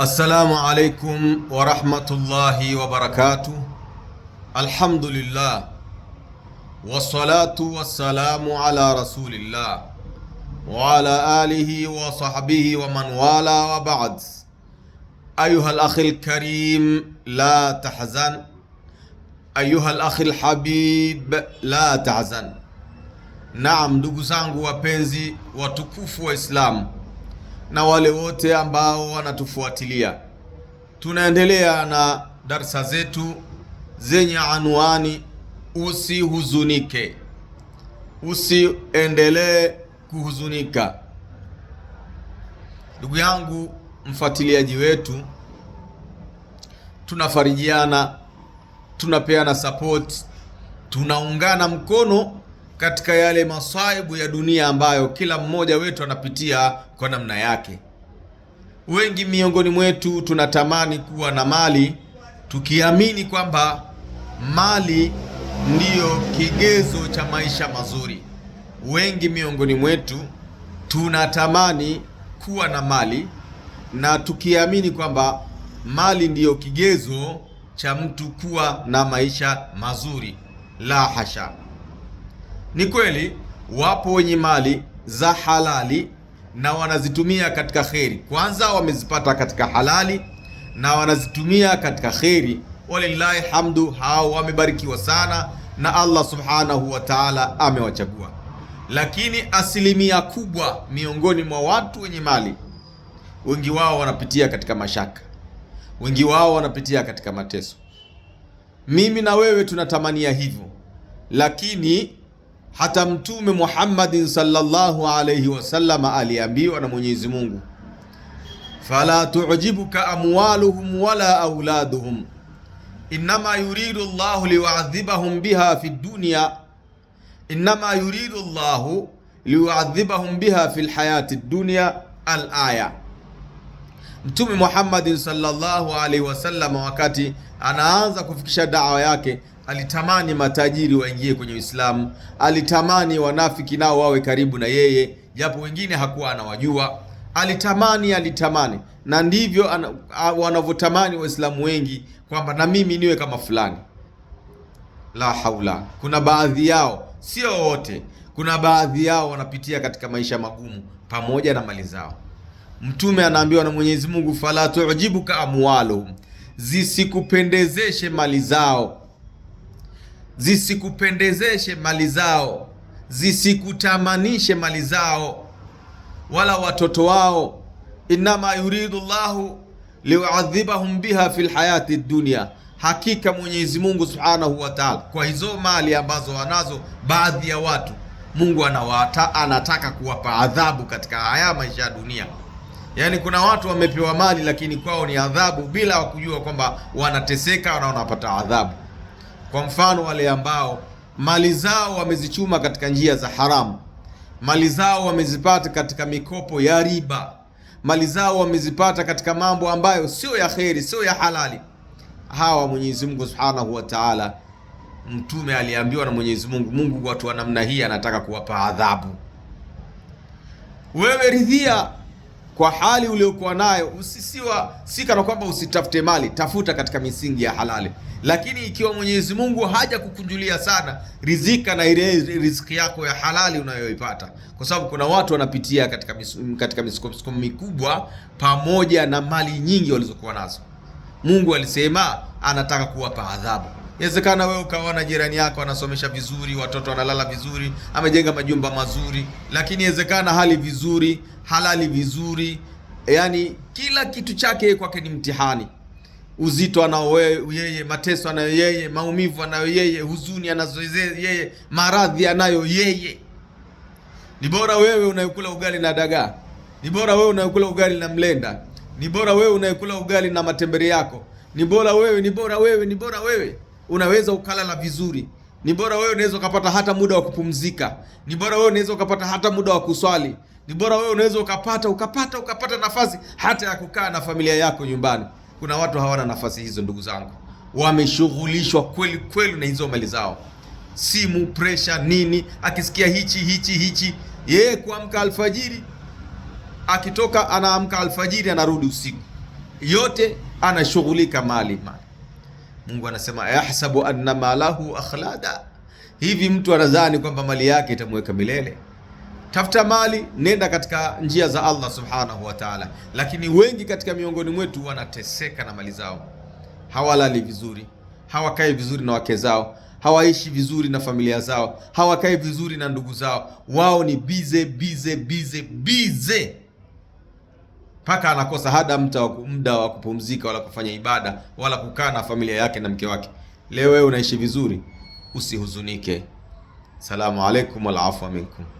السلام عليكم ورحمة الله وبركاته الحمد لله والصلاة والسلام على رسول الله وعلى آله وصحبه ومن والاه وبعد أيها الأخ الكريم لا تحزن أيها الأخ الحبيب لا تحزن نعم ndugu وبنزي wapenzi watukufu إسلام na wale wote ambao wanatufuatilia. Tunaendelea na darsa zetu zenye anwani usihuzunike, usiendelee kuhuzunika. Ndugu yangu mfuatiliaji wetu, tunafarijiana, tunapeana support, tunaungana mkono katika yale masaibu ya dunia ambayo kila mmoja wetu anapitia kwa namna yake. Wengi miongoni mwetu tunatamani kuwa na mali tukiamini kwamba mali ndiyo kigezo cha maisha mazuri. Wengi miongoni mwetu tunatamani kuwa na mali na tukiamini kwamba mali ndiyo kigezo cha mtu kuwa na maisha mazuri. La hasha! Ni kweli wapo wenye mali za halali na wanazitumia katika kheri. Kwanza wamezipata katika halali na wanazitumia katika kheri, walillahi hamdu. Hao wamebarikiwa sana na Allah subhanahu wa ta'ala, amewachagua. Lakini asilimia kubwa miongoni mwa watu wenye mali, wengi wao wanapitia katika mashaka, wengi wao wanapitia katika mateso. Mimi na wewe tunatamania hivyo, lakini hata Mtume Muhammadin sallallahu alayhi wasallam aliambiwa na Mwenyezi Mungu, fala tujibuka amwaluhum wala auladuhum innama yuridu Allahu liwadhibahum biha fi dunya innama yuridu Allahu liwadhibahum biha fi lhayati dunya al aya Mtume Muhammad sallallahu alaihi wasallam wakati anaanza kufikisha dawa yake alitamani matajiri waingie kwenye Uislamu, alitamani wanafiki nao wawe karibu na yeye, japo wengine hakuwa anawajua. Alitamani, alitamani, na ndivyo wanavyotamani Waislamu wengi kwamba na mimi niwe kama fulani. La haula. Kuna baadhi yao, sio wote, kuna baadhi yao wanapitia katika maisha magumu pamoja na mali zao. Mtume anaambiwa na Mwenyezi Mungu, fala tujibuka amwaluhum, zisikupendezeshe mali zao, zisikupendezeshe mali zao, zisikutamanishe mali zao, wala watoto wao. Innama yuridu llahu liuadhibahum biha fi lhayati dunia, hakika Mwenyezi Mungu subhanahu wa taala, kwa hizo mali ambazo wanazo baadhi ya watu, Mungu anawata, anataka kuwapa adhabu katika haya maisha ya dunia. Yaani kuna watu wamepewa mali lakini kwao ni adhabu, bila wakujua kwamba wanateseka na wanapata adhabu. Kwa mfano, wale ambao mali zao wamezichuma katika njia za haramu, mali zao wamezipata katika mikopo ya riba, mali zao wamezipata katika mambo ambayo sio ya kheri, sio ya halali. Hawa Mwenyezi Mungu Subhanahu wa Ta'ala, Mtume aliambiwa na Mwenyezi Mungu, Mungu watu wa namna hii anataka kuwapa adhabu. Wewe ridhia kwa hali uliokuwa nayo usisiwa sikana kwamba usitafute mali, tafuta katika misingi ya halali. Lakini ikiwa Mwenyezi Mungu haja kukunjulia sana, rizika na ile riziki yako ya halali unayoipata, kwa sababu kuna watu wanapitia katika mis, katika misukosuko mikubwa pamoja na mali nyingi walizokuwa nazo. Mungu alisema anataka kuwapa adhabu. Inawezekana wewe ukaona jirani yako anasomesha vizuri, watoto wanalala vizuri, amejenga majumba mazuri, lakini inawezekana hali vizuri, halali vizuri, yaani kila kitu chake kwake ni mtihani. Uzito anao yeye, mateso anayo yeye, maumivu anayo yeye, huzuni anazo yeye, maradhi anayo yeye. Ni bora wewe unayokula ugali na dagaa, ni bora wewe unayokula ugali na mlenda, ni bora wewe unayokula ugali na matembere yako, ni bora wewe, ni bora wewe, ni bora wewe unaweza ukalala vizuri. Ni bora wewe unaweza ukapata hata muda wa kupumzika. Ni bora wewe unaweza ukapata hata muda wa kuswali. Ni bora wewe unaweza ukapata ukapata ukapata nafasi hata ya kukaa na familia yako nyumbani. Kuna watu hawana nafasi hizo, ndugu zangu, wameshughulishwa kweli kweli na hizo mali zao, simu, pressure, nini, akisikia hichi hichi hichi, yeye kuamka alfajiri, akitoka anaamka alfajiri, anarudi usiku, yote anashughulika mali mali Mungu anasema yahsabu anna malahu akhlada, hivi mtu anadhani kwamba mali yake itamweka milele? Tafuta mali, nenda katika njia za Allah subhanahu wa ta'ala, lakini wengi katika miongoni mwetu wanateseka na mali zao, hawalali vizuri, hawakai vizuri na wake zao hawaishi vizuri na familia zao, hawakai vizuri na ndugu zao. Wao ni bize bize bize bize mpaka anakosa hada mta muda wa kupumzika wala kufanya ibada wala kukaa na familia yake na mke wake. Leo wewe unaishi vizuri, usihuzunike. Salamu alaikum wal afwa minkum.